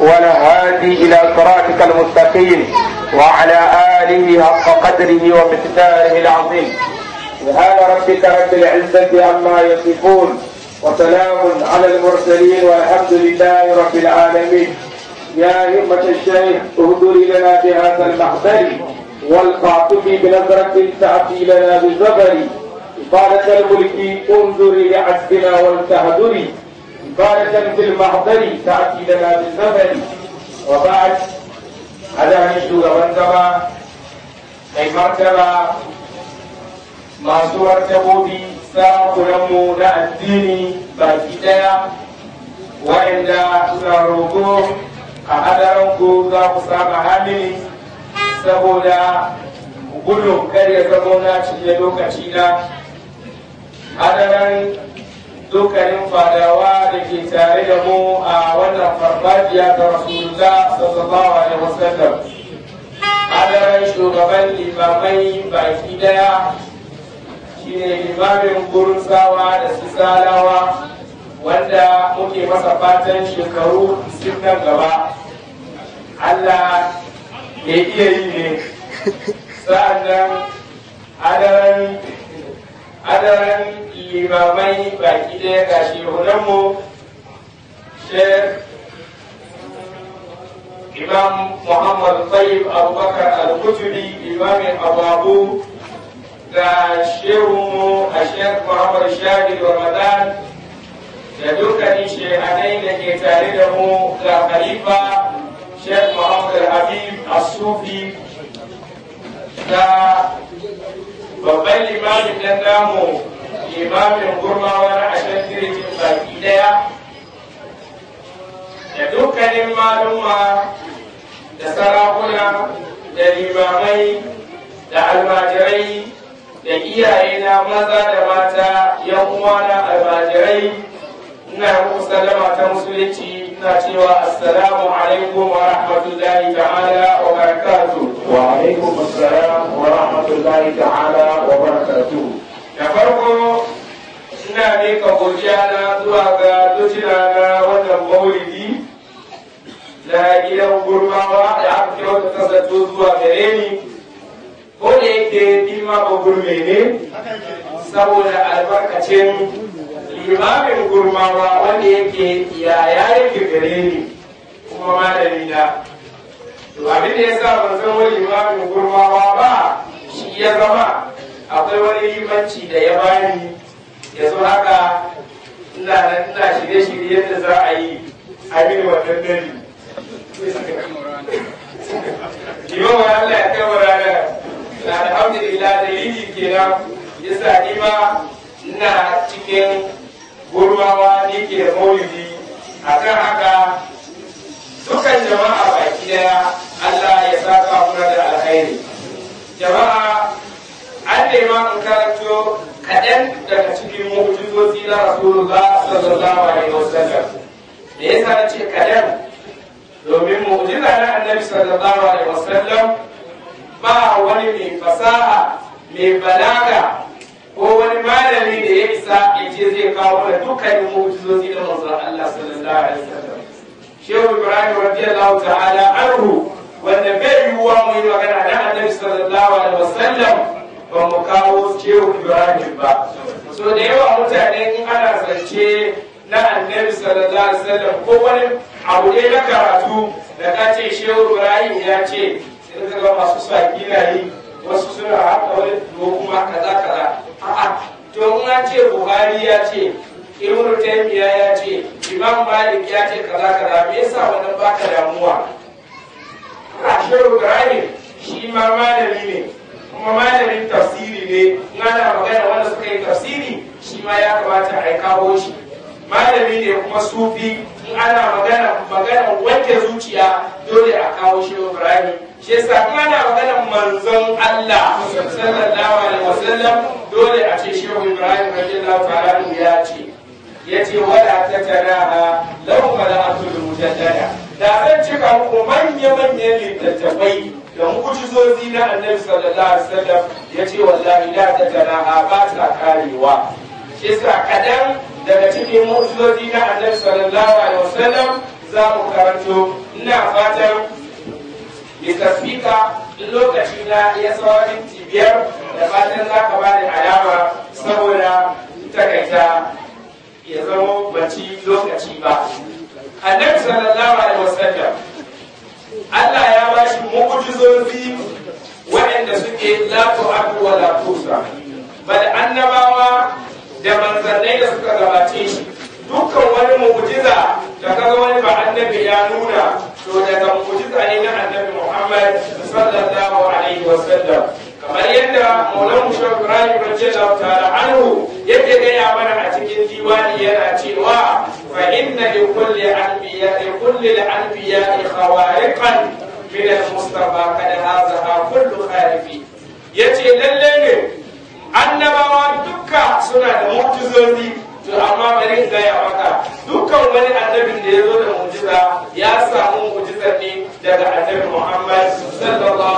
ونهادي إلى صراطك المستقيم وعلى آله حق قدره ومقداره العظيم سبحان ربك رب العزة عما يصفون وسلام على المرسلين والحمد لله رب العالمين يا همة الشيخ اهدري لنا بهذا المحضر والقاطبي بنظرة تأتي لنا بالزبر إفادة الملك انظري لعزنا والتهدري بارة في المحضر تأتي لنا بالنظر وبعد على نشو غبنزما أي مرتبة ما سور تبودي ساقرم لا الدين باكتايا وإن لا روكو أحضرنكو ذا قصام حاملي سبولا gudun kar ya zama na cikin lokaci na dukkanin fadawa da ke tare da mu a wannan farfajiya ta rasulullah sallallahu alaihi wasallam hadarin shugaban limamai baki daya shine limamin gurzawa da sisalawa wanda muke masa fatan shekaru nan gaba allah ya iya yi ne sa'an nan adaran imamai baki ɗaya ga shehunanmu sheikh imam muhammad tayyib abubakar al-kutubi imamin ababu ga shehunmu a sheikh muhammad shadi ramadan da dukkanin shehanai da ke tare da mu ga khalifa sheikh muhammad habib as-sufi ga babban limamin dan namu limamin gurmawa na ashantirin baki daya da dukkanin malumma da sarakuna da limamai da almajirai da iyaye na maza da mata yan uwa na almajirai ina muku sallama ta musulunci ina cewa assalamu alaikum wa rahmatullahi ta'ala wa barakatuh wa alaikum assalam wa rahmatullahi ta'ala wa barakatuh da farko suna miƙa godiya na zuwa ga dutuna na wannan maulidi na gidan gurmawa da aka wata kasanto zuwa gare ni ko da yake ni ba gurme ne saboda albarkacin limamin gurmawa wanda yake yayayen gare ni kuma malami na to abin da ya sa ban san wani limamin gurmawa ba shi ya zama akwai wani limanci da ya bani yanzu haka ina nan ina shirye-shirye da za a yi a mini wannan dare liman wa Allah ya kai wa rana na alhamdulillah dalili kenan yasa ni ma ina cikin gurbawa ni ke da a akan haka dukkan jama'a baki daya Allah ya saka muna da alkhairi illa rasulullah sallallahu alaihi wasallam me yasa ce kadan domin mu'jiza na annabi sallallahu alaihi wasallam ba wani mai fasaha mai balaga ko wani malami da ya isa ya ce zai kawo da dukkanin mu'jizozi da manzon Allah sallallahu alaihi wasallam shehu ibrahim radiyallahu ta'ala anhu wanda bai yiwuwa mu yi magana da annabi sallallahu alaihi wasallam ba mu kawo shehu ibrahim ba so da yawa mutane in ana zance na annabi sallallahu alaihi wasallam ko wani abu ne na karatu da ka ce shehu ibrahim ya ce sai ka ga masu saki na yi wasu suna haka wani kuma kaza kaza a'a to in an ce buhari ya ce ibnu taymiya ya ce imam malik ya ce kaza kaza me yasa wannan baka damuwa a shehu ibrahim shi ma malami ne kuma malamin tafsiri ne ana magana wanda suka yi tafsiri shi ma ya kamata a kawo shi malami ne kuma sufi in ana magana magana wanke zuciya dole a kawo shi Ibrahim shi yasa in ana magana manzon Allah sallallahu alaihi wasallam dole a ce shi Ibrahim radiyallahu ta'ala ya ce ce wala tataraha law mala'atul mujaddada da zan cika ku manya manyan littattafai da mu'jizozi na annabi sallallahu alaihi wasallam ya ce wallahi la tajanaha ba ta karewa shi sa kadan daga cikin mu'jizozi na annabi sallallahu alaihi wasallam za mu karanto ina fatan bisa tasbika lokaci na ya tsawon minti biyar da fatan za ka bani alama saboda takaita ya zama bacci lokaci ba annabi sallallahu alaihi wasallam Allah ya ba shi mu'ujizozi waɗanda suke la tu'adu wa la tusa bal annabawa da manzannai da suka gabace shi dukkan wani mu'ujiza da kaga wani ba annabi ya nuna to daga mu'ujiza ne na annabi Muhammad sallallahu alaihi wasallam kamar yadda maulan mushaf ibrahim radiyallahu ta'ala anhu yake gaya mana a cikin diwani yana cewa fa inna li kulli anbiya li kulli anbiya khawariqan min al-mustafa kad kullum kullu kharifi yace lalle ne annabawa dukka suna da mu'jizozi to amma bari gaya maka dukkan wani annabin da ya zo da mu'jiza ya samu mu'jizar ne daga annabi muhammad sallallahu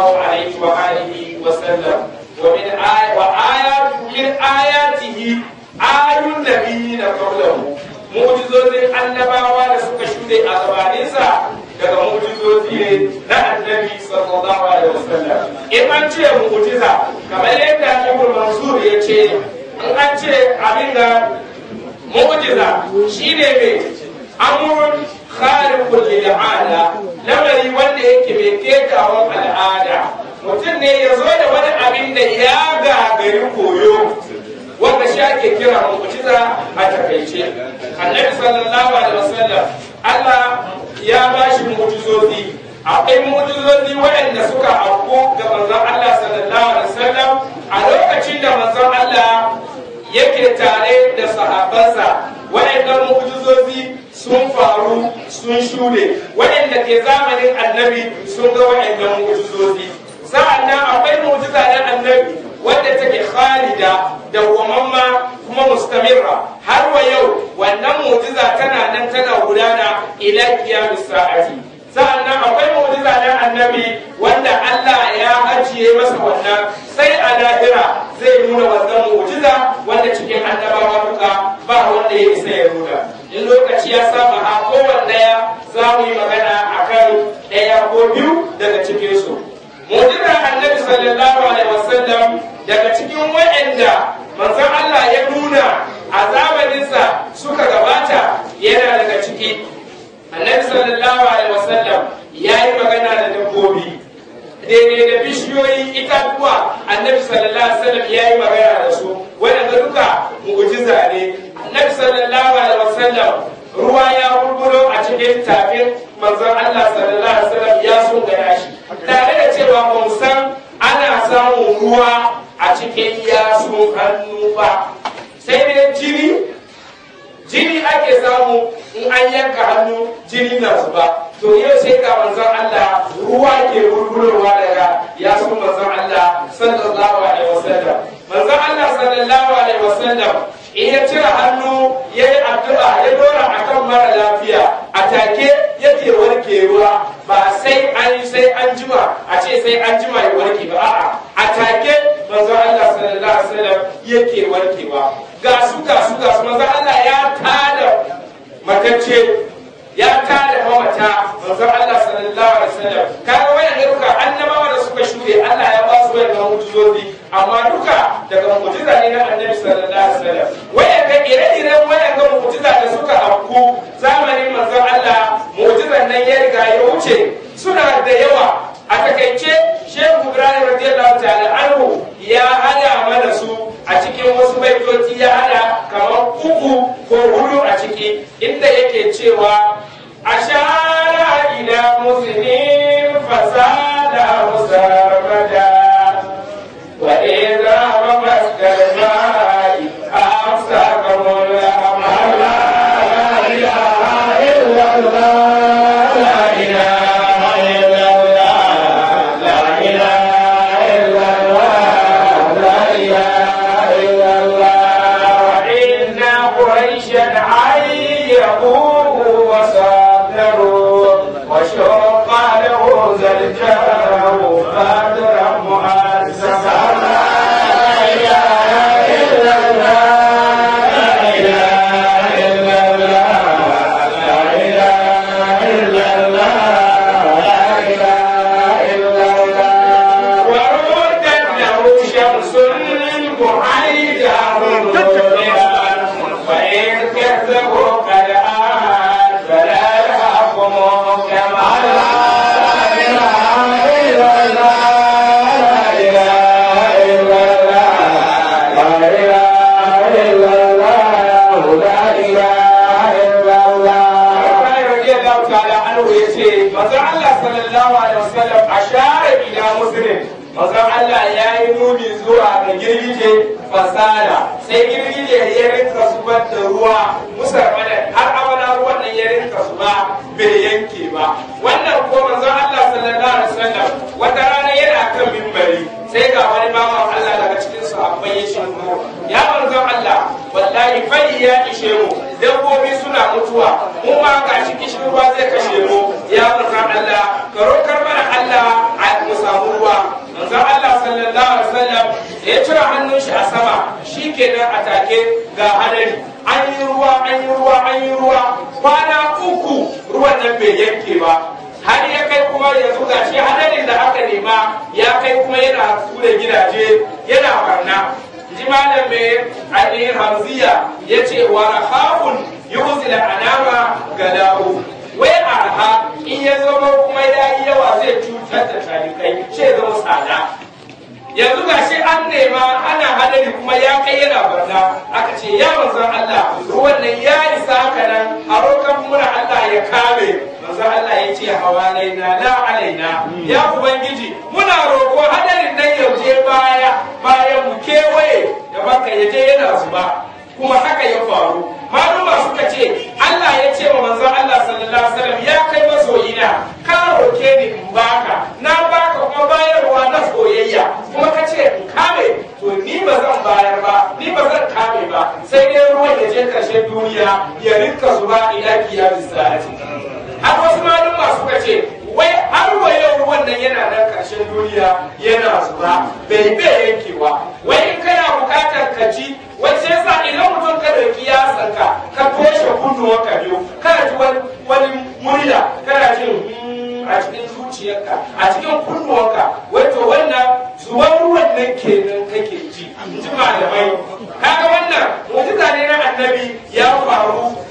wasallam wa aya ay wa ayatu min ayatihi ayun nabiyina qablahu mu'jizozin annabawa da suka shude a gabaninsa daga mu'jizozi ne na annabi sallallahu alaihi wasallam in an ce mu'jiza kamar yadda Ibn Mansur ya ce in an ce abin da mu'jiza shine mai amurin khariqul lil ala lamari wanda yake mai kekawan al'ada mutum ne ya zo da wani abin da ya gagari koyo wanda shi ake kira mu'jiza a takaice annabi sallallahu alaihi wasallam Allah ya ba shi mu'jizozi akwai mu'jizozi waɗanda suka auku ga manzon Allah sallallahu alaihi wasallam a lokacin da manzon Allah yake tare da sahabansa waɗannan mu'jizozi sun faru sun shure waɗanda ke zamanin annabi sun ga waɗannan mu'jizozi sa'annan akwai mu'jiza na annabi wadda take khalida da wamamma kuma mustamirra har wa yau wannan mu'jiza tana nan tana gudana ila qiyamis sa'ati sa'annan akwai mu'jiza na annabi wanda Allah ya ajiye masa wannan sai a lahira zai nuna wannan mu'jiza wanda cikin annabawa duka ba wanda ya isa ya nuna in lokaci ya saba a kowanne ya za mu yi magana akan ɗaya ko biyu daga cikinsu mu'jizar annabi sallallahu alaihi wasallam daga cikin wa'anda manzon Allah ya nuna a zamaninsa suka gabata yana daga ciki annabi sallallahu alaihi wasallam ya yi magana da dabbobi daidai da bishiyoyin itatuwa annabi sallallahu alaihi wasallam ya yi magana da su waɗanda duka mu'jiza ne annabi sallallahu alaihi wasallam ruwa ya bulbulo a cikin tafin manzon Allah sallallahu alaihi wasallam ya sun gaya shi cewa ba ana samun ruwa a cikin yasu hannu ba sai dai jini jini ake samu in an yanka hannu jini na su ba to yau sai ga manzon Allah ruwa ke bulbulowa daga yasun manzon Allah sallallahu alaihi wasallam manzon Allah sallallahu alaihi wasallam in ya cire hannu yayi addu'a ya dora a mara lafiya a take yake warke ruwa ba sai an sai an jima a ce sai an jima ya warke ba a'a a take manzo Allah sallallahu alaihi wasallam yake warkewa ga su ga su ga su manzo Allah ya tada matacce ya tada mamata manzo Allah sallallahu alaihi wasallam kaga wannan iruka annabawa da suka shure Allah ya ba su wannan mutuzobi amma duka daga mu'jiza na Annabi sallallahu alaihi wasallam anhu ya ce mazan Allah sallallahu alaihi wasallam a share ila muslim mazan Allah ya yi nuni zuwa ga girgije fasada sai girgije ya rinka zubar da ruwa musa har abada ruwan nan ya rinka zuba bai yanke ba wannan ko mazan Allah sallallahu alaihi wasallam wata rana yana kan mimbari sai ga wani bawan Allah daga cikin sahabbai ya shigo wallahi ya ishe mu dabbobi suna mutuwa mu ma ga shi kishin ruwa zai kashe mu ya manzon Allah ka rokar mana Allah a mu samu ruwa manzon Allah sallallahu alaihi wasallam ya cira hannun shi a sama shikenan a take ga hadari an yi ruwa an yi ruwa an yi ruwa kwana uku ruwan nan bai yanke ba har ya kai kuma yanzu ga shi hadarin da aka nema ya kai kuma yana tsure gidaje yana barna ji malam a ɗin harziya ya ce wa rahafun alama anama gadahu wai arha in ya zama kuma ya yi yawa zai cutar da talibai ce zama tsada yanzu gashi an nema an hadari kuma ya kai yana barna aka ce ya san Allah ruwan nan ya isa haka nan a rokan mura Allah ya kame manzo Allah ya ce hawalaina la alaina ya ubangiji muna roƙo hadarin nan ya je baya bayan mu kewaye da baka ya je yana zuba kuma haka ya faru maluma suka ce Allah ya ce wa manzon Allah sallallahu alaihi ya kai masoyina ka roke ni in baka na baka kuma bayarwa na soyayya kuma ka ce in kame to ni ba zan bayar ba ni ba zan kame ba sai dai ruwan ya je karshen duniya ya rinka zuba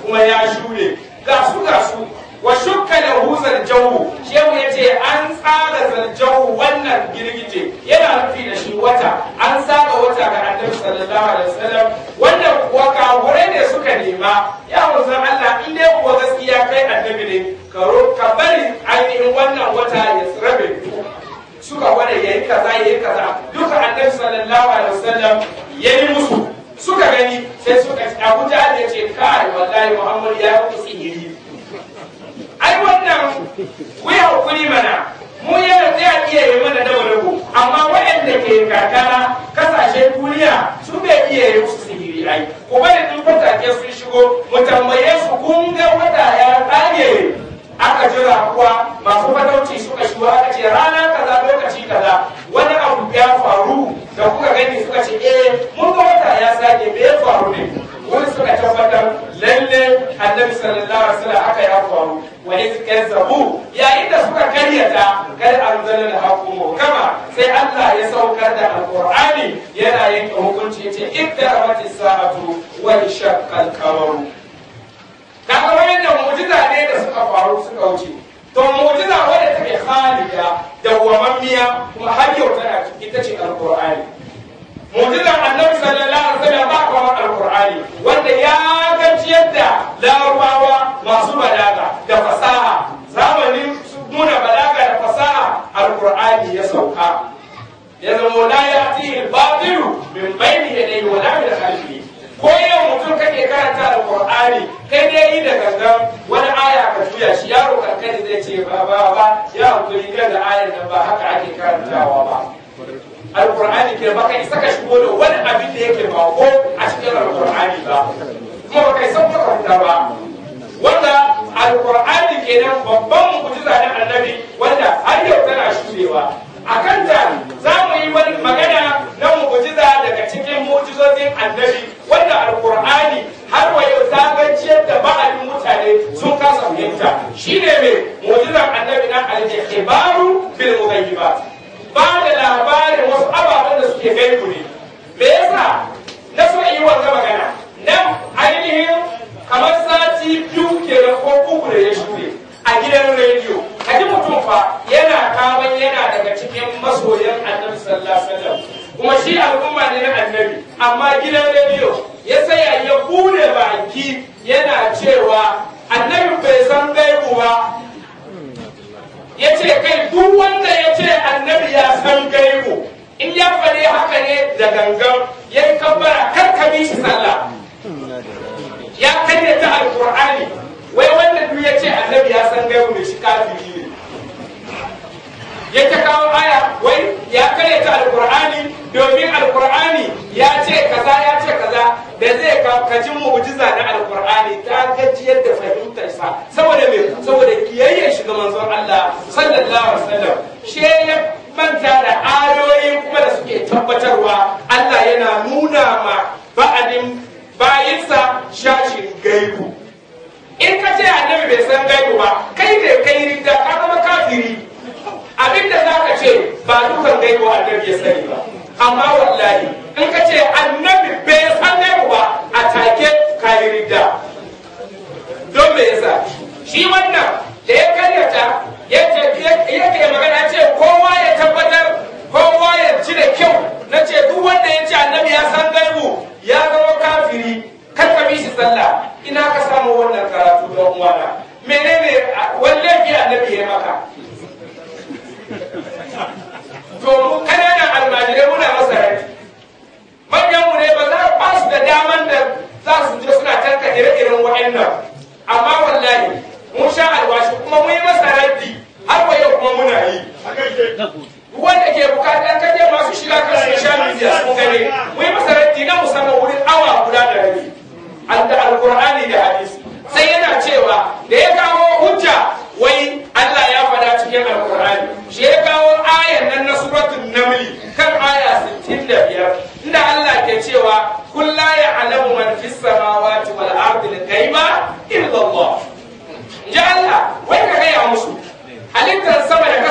kuma ya shure ga su ga su wa shukka da huzar zarjahu shehu ya ce an tsara zarjahu wannan girgije yana rufi da shi wata an saba wata ga annabi sallallahu alaihi wasallam wannan kuwa kahure ne suka nema ya manzon Allah in dai kuwa gaskiya kai annabi ne ka bari ainihin wannan wata ya tsirabe suka wada yayi kaza yayi kaza duka annabi sallallahu alaihi wasallam yayi musu suka gani sai suka abu Abuja da ce kai wallahi muhammad ya yi sihiri ai wannan ku yi mana mu yana zai iya yi mana da wani amma waɗanda ke kakana kasashe duniya su bai iya yi su sihiri ai ku bari in ke sun shigo mu tambaye su kun ga wata ya tsage aka jira kuwa masu fatauci suka shigo aka ce rana kaza lokaci kaza wani abu ya da kuka gani suka ce eh mun ga wata ya sake me ya faru ne wani suka tabbatar lalle annabi sallallahu alaihi wasallam haka ya faru wa iz kazzabu yayin da suka karyata kar anzala da hakumu kama sai Allah ya saukar da alqur'ani yana yin hukunci yace iddarabati sa'atu wa shaqqal qamaru kaga wayannan mu'jiza ne da suka faru suka wuce To mu'jiza wadda take khalida dawwamammiya kuma har yau tana cikin ta ce alqur'ani mu'jiza annabi sallallahu alaihi wasallam ba kamar alqur'ani wanda ya gaci yadda larabawa masu balaga da fasaha zamanin nuna balaga da fasaha alqur'ani ya sauka ya zama la ya'tihi al-batilu min bayni yadayhi wa la min khalfihi ko yau mutum kake karanta alqur'ani kai dai da gangan ke ba ba ba ya hukuri da ayar nan ba haka ake karantawa ba alqur'ani ke baka isa ka shigo da wani abin da yake ba ko a cikin alqur'ani ba kuma baka isa ka karanta ba wanda alqur'ani nan babban mu'jiza na annabi wanda har yau tana shudewa a kanta za mu yi magana na mu'jiza daga cikin mu'jizozin annabi suke gaibu ne me yasa na so yi wanga magana nan ainihin kamar sati biyu da ko uku da ya shuɗe a gidan rediyo a ji mutum fa yana kama yana daga cikin masoyan annabi sallallahu alaihi wasallam kuma shi al'umma ne na annabi amma gidan rediyo ya saya ya bude baki yana cewa annabi bai san gaibu ba ya ce kai duk wanda ya ce annabi ya san gaibu in ya faɗi haka ne da gangan ya yi kabbara kar ka bi shi sallah ya karya ta alƙur'ani wai wanda duk ya ce annabi ya san gai mai shi kafiri ne ya ta kawo aya wai ya karya ta alƙur'ani domin alƙur'ani ya ce kaza ya ce kaza da zai kaji mu'ujiza na alƙur'ani ta gajiyar da fahimtar sa saboda me saboda kiyayyar shi ga manzon Allah sallallahu alaihi wasallam shi ya manta da ayoyin kuma da suke tabbatarwa Allah yana nuna ma ba'adin bayinsa shashin gaibu in ka ce annabi bai san gaibu ba kai ne kai rinda ka zama kafiri abinda za ka ce ba dukan gaibu annabi ya sani ba amma wallahi in ka ce annabi bai san gaibu ba a take ka yi rinda don me yasa shi wannan da ya karyata ya ke magana ce kowa ya ce annabi ya san gaibu ya zama kafiri kar ka bi shi sallah ina ka samu wannan karatu da uwana menene wanne bi annabi ya maka to mu kananan almajire muna masa rai manyan mu ne ba za ba su da daman da za su je suna tanka ire-iren wa'annan amma wallahi mun sha alwashi kuma mun yi masa raddi har wa yau kuma muna yi wanda ke bukatar kake masu shiga kan social media detenção era é